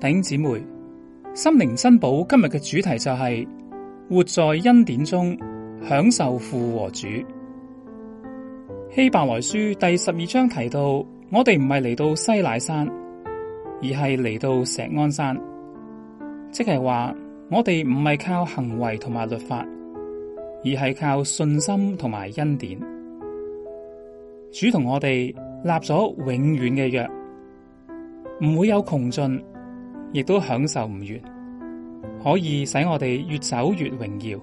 弟兄姊妹，心靈珍寶今日嘅主題就係活在恩典中，享受父和主。希伯來書第十二章提到，我哋唔係嚟到西乃山，而係嚟到錫安山，即係話我哋唔係靠行為同埋律法，而係靠信心同埋恩典。主同我哋立咗永遠嘅約，唔會有窮盡。亦都享受唔完，可以使我哋越走越榮耀。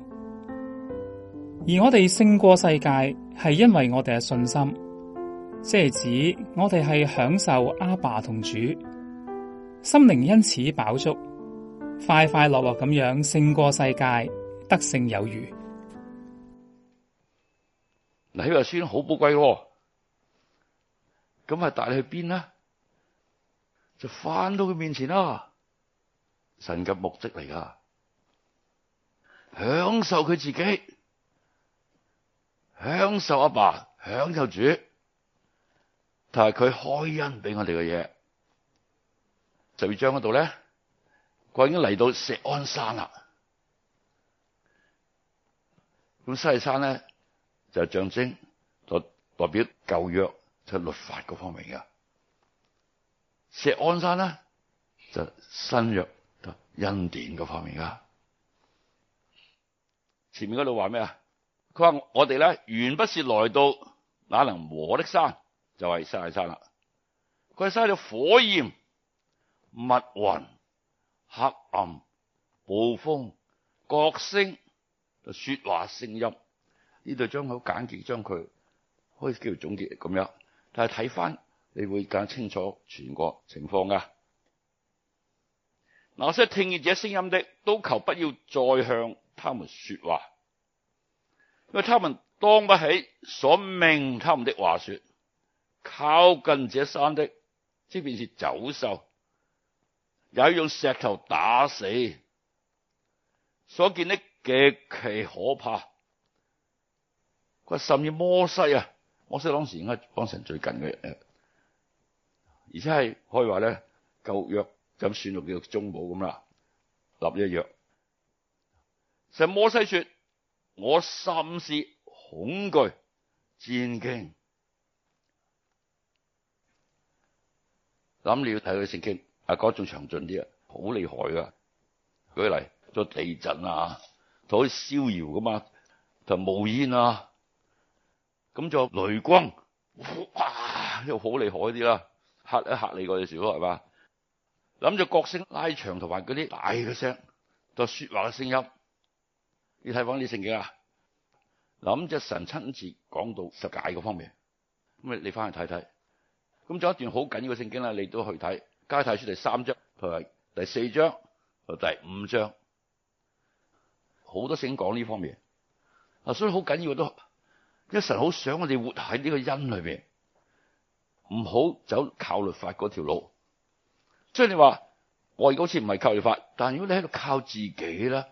而我哋勝過世界，係因為我哋嘅信心，即係指我哋係享受阿爸同主，心靈因此飽足，快快樂樂咁樣勝過世界，得勝有餘。嗱，呢個孫好寶貴，咁帶帶你去邊啊？就返到佢面前啦。神嘅目的嚟噶，享受佢自己，享受阿爸,爸，享受主，但係佢開恩俾我哋嘅嘢。就二章嗰度咧，佢已經嚟到錫安山啦。咁西山咧就是、象徵代代表舊約即係、就是、律法嗰方面嘅，錫安山咧就是、新約。恩典嗰方面噶，前面嗰度話咩啊？佢話我哋咧，原不是來到那能摸的山，就係 Sinai 山啦。佢係晒咗火焰、密雲、黑暗、暴風、角聲、說話聲音。呢度將好簡潔，將佢開始叫做總結咁樣。但係睇翻你會更清楚全國情況噶。那些聽見這聲音的，都求不要再向他們說話，因為他們當不起所命他們的話說。靠近這山的，即便是走獸，也要用石頭打死，所見的極其可怕。佢甚至摩西啊，摩西當時應該講成最近嘅，誒，而且係可以話咧舊約。咁算到叫中保冇咁啦，立一約。成摩西說：我甚是恐懼，戰兢。諗你要睇佢聖經，阿哥仲詳盡啲啊，好厲害噶。舉例，做地震啊，同好似燒窯噶嘛，同冒煙啊，咁做雷光，哇，又好厲害啲啦，吓一吓你嗰陣時咯，係嘛？諗住角聲拉長同埋嗰啲大嘅聲，就說話嘅聲音。你睇返啲聖經啊，諗咁只神親自講到十誡嗰方面，咁你你翻去睇睇。咁仲有一段好緊要嘅聖經啦，你都去睇。加太書第三章同埋第四章同第五章，好多聖經講呢方面啊，所以好緊要都，因為神好想我哋活喺呢個恩裏邊，唔好走靠律法嗰條路。雖然你話，我好似唔係靠律法，但係如果你喺度靠自己咧，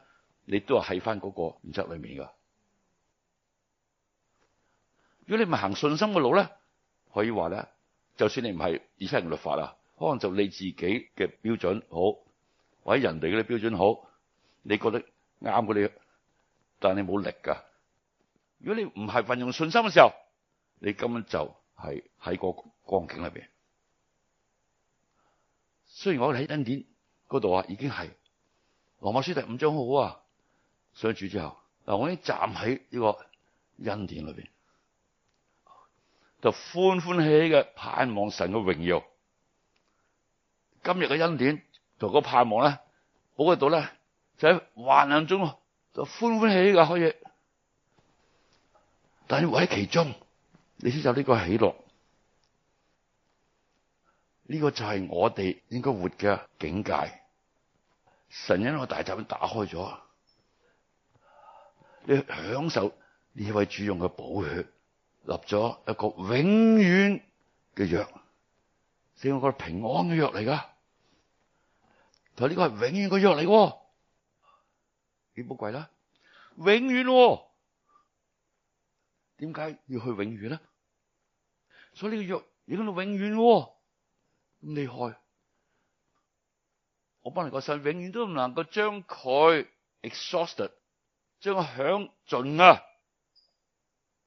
你都係喺翻嗰個原則裏面噶。如果你唔係行信心嘅路咧，可以話咧，就算你唔係以家係律法啦，可能就你自己嘅標準好，或者人哋嗰啲標準好，你覺得啱過你，但係你冇力噶。如果你唔係運用信心嘅時候，你根本就係喺個光景裏邊。雖然我哋喺恩典嗰度啊，已經係《羅馬書》第五章好好啊，相處之後，嗱我已經站喺呢個恩典裏邊，就歡歡喜喜嘅盼望神嘅榮耀。今日嘅恩典同個盼望咧，好嗰度咧，就喺患難中就歡歡喜喜嘅可以，但係活喺其中，你先有呢個喜樂。呢個就係我哋應該活嘅境界。神因我大閘門打開咗，你享受呢位主用嘅寶血，立咗一個永遠嘅約，所以我覺平安嘅約嚟噶。但呢個係永遠嘅約嚟，幾寶貴啦？永遠、啊，點解要去永遠咧？所以呢個約已經到永遠、啊。咁厲害，我幫你個神永遠都唔能夠將佢 exhausted，將佢享盡啊！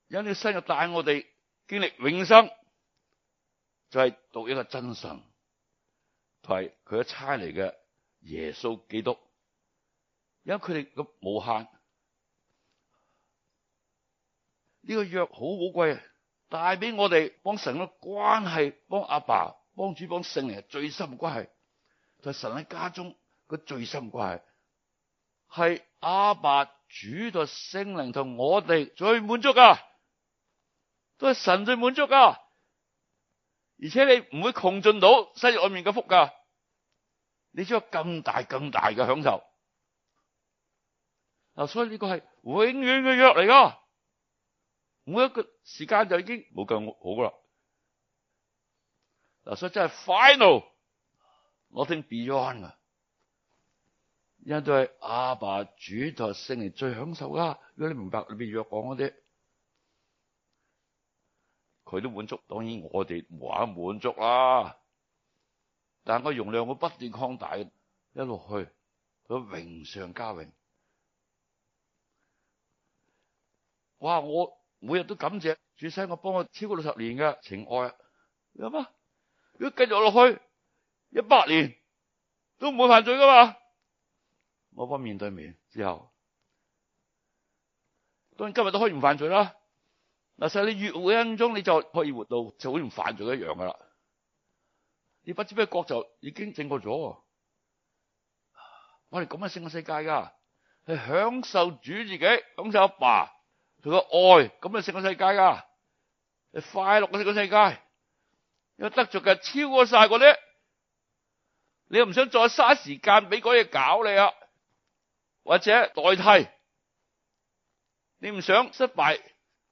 有你個身就帶、啊、我哋經歷永生，就係、是、獨一個真神，同埋佢一差嚟嘅耶穌基督，因佢哋個無限呢、這個約好好貴啊！帶俾我哋幫神嘅關係，幫阿爸,爸。幫主幫聖靈最深關係，就神喺家中個最深關係，係阿爸主嘅聖靈同我哋最滿足噶，都係神最滿足噶，而且你唔會窮盡到昔外面嘅福噶，你只有更大更大嘅享受。嗱，所以呢個係永遠嘅約嚟噶，每一個時間就已經冇咁好噶啦。嗱，所以真係 final，我聽 Beyond 噶，因都係阿爸主托聖靈最享受㗎。如果你明白裏邊約講嗰啲，佢都滿足，當然我哋冇話滿足啦。但係我容量會不斷擴大，一落去，佢榮上加榮。哇！我每日都感謝主，使我幫我超過六十年嘅情愛，你諗下。如果繼續落去一百年都唔會犯罪噶嘛？我方面對面之後，當然今日都可以唔犯罪啦。嗱，其實你越活一分鐘你就可以活到就好似唔犯罪一樣噶啦。你不知咩國就已經正過咗。我哋咁嘅聖個世界噶，係享受主自己，享受阿爸佢個愛，咁嘅聖個世界噶，係快樂嘅聖個世界。有得着嘅超過晒嗰啲，你又唔想再嘥時間俾嗰嘢搞你啊，或者代替，你唔想失敗，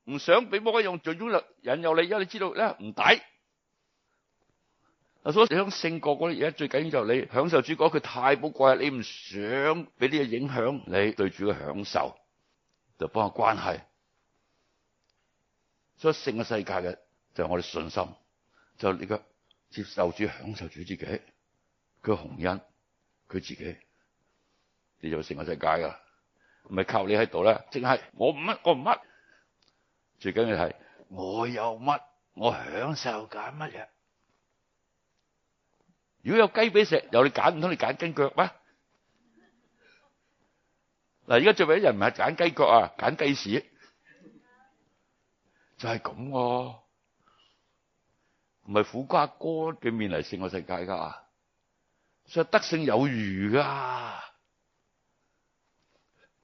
唔想俾摩西用罪惡引誘你，因為你知道咧唔抵。啊，所以你想勝過嗰啲嘢，最緊要就係你享受主講，佢太寶貴，你唔想俾啲嘢影響你對主嘅享受，就幫個關係。所以勝過世界嘅就係我哋信心。就你個接受主，享受主自己，佢鴻恩，佢自己你就成個世界噶，唔係靠你喺度啦，淨係，我唔乜，我唔乜，最緊要係我有乜，我享受揀乜嘢。如果有雞髀食，由你揀，唔通你揀根腳咩？嗱，而家最尾啲人唔係揀雞腳啊，揀雞屎，就係咁啊。唔係苦瓜乾嘅面嚟勝我世界噶，所以得勝有餘噶。